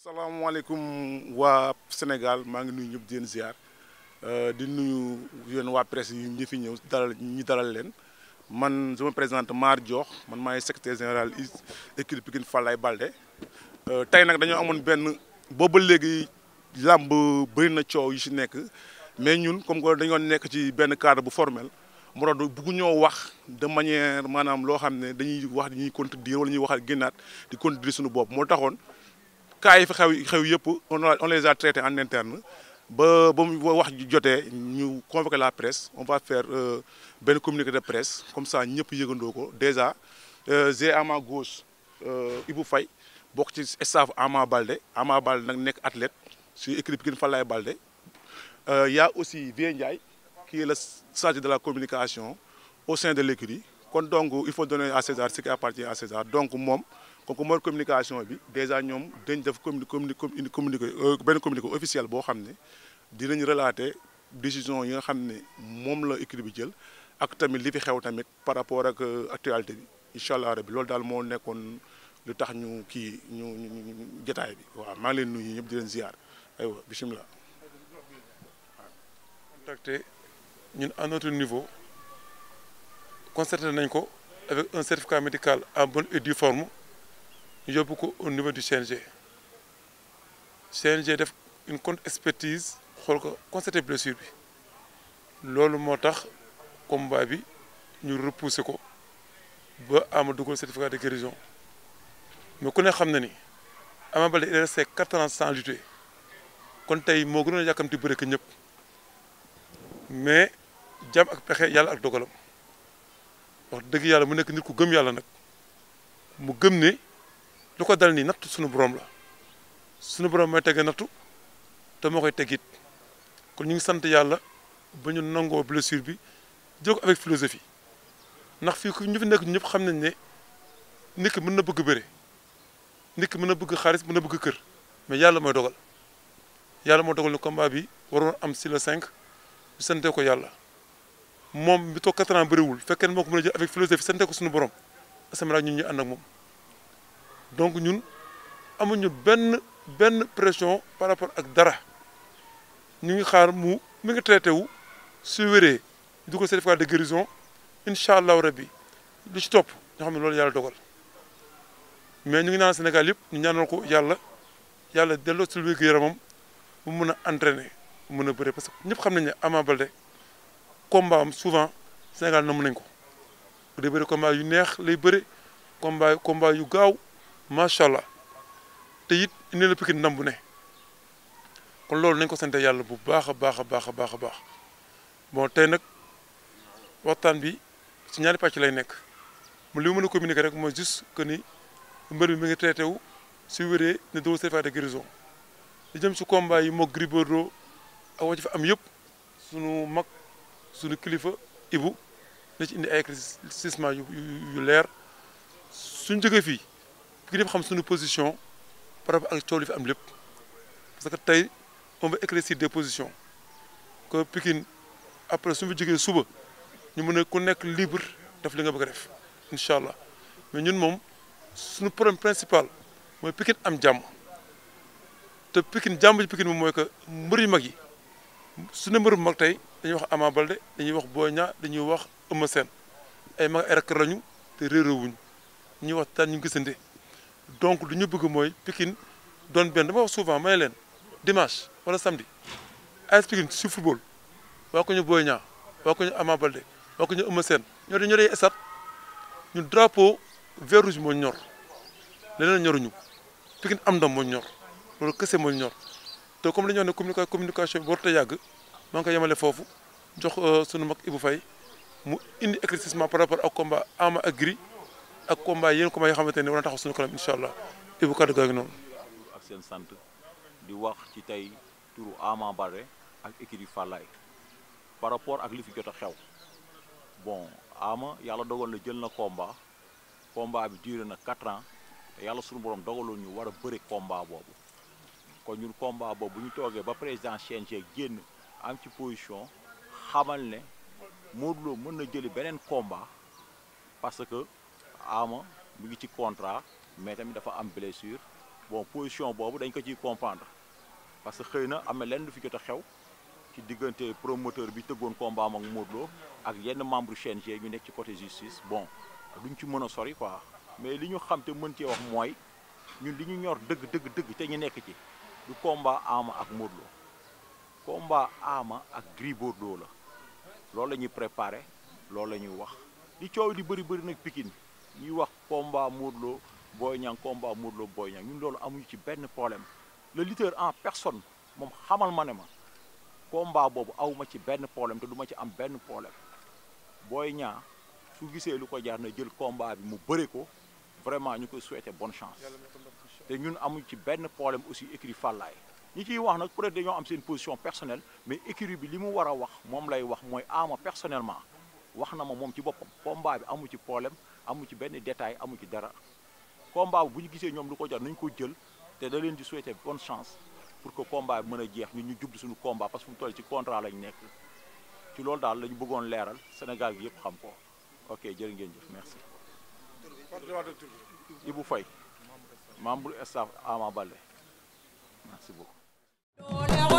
salaamaaleykum waa Sénégal maa ngi nuyu ñëpp di leen ziar euh, di nuyu yéen waa presse yi ñi fi ñëw dalal ñu dalal leen man je me présente Mar Diokh man maay secrétaire général équipe Pikine Falaye Baldé euh, tey nag dañoo amoon benn booba léegi làmb bëri na coow yu ci nekk mais ñun comme que dañoo nekk ci benn cadre bu formel mu doon bugg ñoo wax de manière maanaam loo xam ne dañuy wax ñuy dañuy contredire wala ñuy wax ak génnaat di contredire suñu bopp moo taxoon. on les a traités en interne ba ba wax Nous convoquer la presse on va faire un euh, communiqué de presse comme ça nous yëgandoo ko déjà euh, j'ai à ma gauche euh, Ibou Faye bokk ci staff Ama Baldé Ama Baldé nag nekk athlète sur équipe Pikine Balde. Il y a aussi Vieux qui est le chargé de la communication au sein de l'écurie kon donc il faut donner à César ce qui appartient à César donc mom kon ku communication bi déjà ñoom dañ def communiquer communi communiqué euh, benn communiqué officiel bo xamné dinañ relater décision yi nga xamné mom la équipe bi jël ak tamit li fi xew tamit par rapport ak euh, actualité bi inshallah allah rabbi loolu daal moo nekkoon lu tax ñu ki ñu ñu jotaay bi wa ma ngi leen nuyu ñep di leen ziar ay wa bismillah contacté ñun à notre niveau concerté nañ ko avec un certificat médical en bonne et due forme ñu yóbbu ko au niveau du CNG CNG def une contre-expertise xool ko constaté blessure bi loolu moo comme combat bi ñu repoussé ko ba ama certificat de guérison mais ku ne xam na ni Ama il est resté quatre ans sans lutter kon tey il gënoon a yàkkamti bëre ko ñëpp mais jàmm ak pexe yàlla ak dogalam wax dëgg yàlla mu nekk nit ku gëm yàlla nag mu gëm ne lu ko dal nii nattu sunu borom la sunu borom mooy tege nattu te moo koy teg kon ñu ngi sant yàlla ba ñu nangoo blessure bi jël ko avec philosophie ndax fii ku ñu fi nekk ñëpp xam nañ ne nit ki mën na bëgg bëre nit ki mën na bëgg xaalis mën na bëgg kër mais yàlla mooy dogal yàlla moo dogal ne combat bi waroon am si le 5 ñu sante ko yàlla. moom bi toog quatre ans bëriwul fekkee moo ko mën a jël avec philosophie sante ko suñu borom asamaraa ñun ñu ànd ak moom donc ñun amuñu benn benn pression par rapport ak dara ñu ngi xaar mu mi ngi traité wu su wéree du ko certificat de guérison incha allahu rabbi lu ci topp ñu xam ne loolu yàlla dogal mais ñu ngi naan Sénégal yëpp ñu ñaanal ko yàlla yàlla delloo si wér-gu-yaramam bu mun a entraîner mun a bëree parce que ñëpp xam nañ ne Ama Baldé combat souvent Sénégal nam nañ ko bu dee bëri yu neex lay bëri combat combat yu gaaw macha allah te it indi la Pikine ndam bu ne kon loolu nañ ko sant yàlla bu baax a baax a baax a baax a baax bon tey nag waxtaan bi ci ñaari pàcc lay nekk mu li mu mën a communiquer rek mooy juste que ni mbër bi mi ngi traité wu su wéree ne doo certificat de guérison li jëm si combat yi moog Gris Bordeaux ak waa ci am yëpp sunu mag. suñu kilifa ibu na ci indi ay éclaircissement yu yu leer suñ jógee fii ki xam suñu position par rapport ak coow fi am lépp parce que tey on va éclaircir des positions que Pikine après suñu ñu jógee suba ñu mën a ku nekk libre def li nga bëgg def incha allah mais ñun moom suñu problème principal mooy Pikine am jàmm te Pikine jàmm ji Pikine moom mooy que mbër yu mag yi su ne mbër bu mag tey. dañuy wax Ama Baldé dañuy wax Boy Niang dañuy wax Eumeu Sène ay mag ay rakk lañu te réeréwuñu ñuy wax daan ñu gisante donc lu ñu bëgg mooy Pikine doon benn dama wax souvent may leen dimanche wala samedi AS Pikine si football waa ko ñu Boy Niang waa ko ñu Ama Baldé waa ko ñu Eumeu Sène ñoo de ñoo dee esat ñun drapo vert moo ñor leneen ñoruñu Pikine am ndam moo ñor loolu kese moo ñor te comme li ñu wax ne communication communication bi yàgg maa ngi yemale foofu jox euh, sunu mag Ibou Faye mu indi éclaircissement par rapport ak combat Ama ak ak combat yeneen combat yoo xamante ni war taxaw sunu kanam incha allah Ibou kaddu ak seen sant di wax ci tey turu Ama Baldé ak écurie Fallaye par rapport ak li fi jot a xew bon Ama yàlla dogal na jël na combat combat bi duré na 4 ans te yàlla sunu borom dogaloon ñu war a bëri combat boobu kon ñun combat boobu bu ñu toogee ba président CNG génn. am ci position xamal ne modlo Lo mën na jëli beneen combat parce que Ama mu ngi ci contrat mais tamit dafa am blessure bon position bobu dañ ko ci comprendre parce que xeyna na am lenn fi jot xew ci diggante promoteur bi teggone combat am ak modlo ak yenn membre chaîne CNG ñu nekk ci côté justice bon duñ ci mëna sori quoi mais li ñu xam té mën cee wax moy ñun li ñu ñor deug deug deug té ñu nekk ci du combat Ama ak modlo komba Ama ak Gris Bordeaux la loolu la ñuy préparé loolu la ñuy wax di coow li bëri bëri nag Pikine ñuy wax combat Modou Lo Boy Niang combat Modou Lo Boy ñun loolu amuñu ci benn problème le lutteur en personne moom xamal ma ne ma komba boobu awma ci benn problème te duma ci am benn problème booy Niang su gisee lu ko jaar na jël combat bi mu bëre ko vraiment ñu ko souhaité bonne chance te ñun amuñu ci benn problème aussi écrit Fallaye ni ciy wax nak peut être dañoo am seen position personnelle mais écurie bi limu wara wax mom lay wax moy ama personnellement wax na ma moom ci boppam combat bi amu ci problème amu ci ben détail amu ci dara combat bi bu ñu gisee ñoom lu ko jar nañu ko jël te da leen di souhaiter bonne chance pour que combat bi mën a jeex ñun ñu jublu suñu combat parce que fu toll ci contrat lañ nekk ci lool dal lañu ñu bëggoon Sénégal bi xam ko ok jërë ngeen jëf merci. Ibou Faye membre staff Ama balé, merci beaucoup. Hola.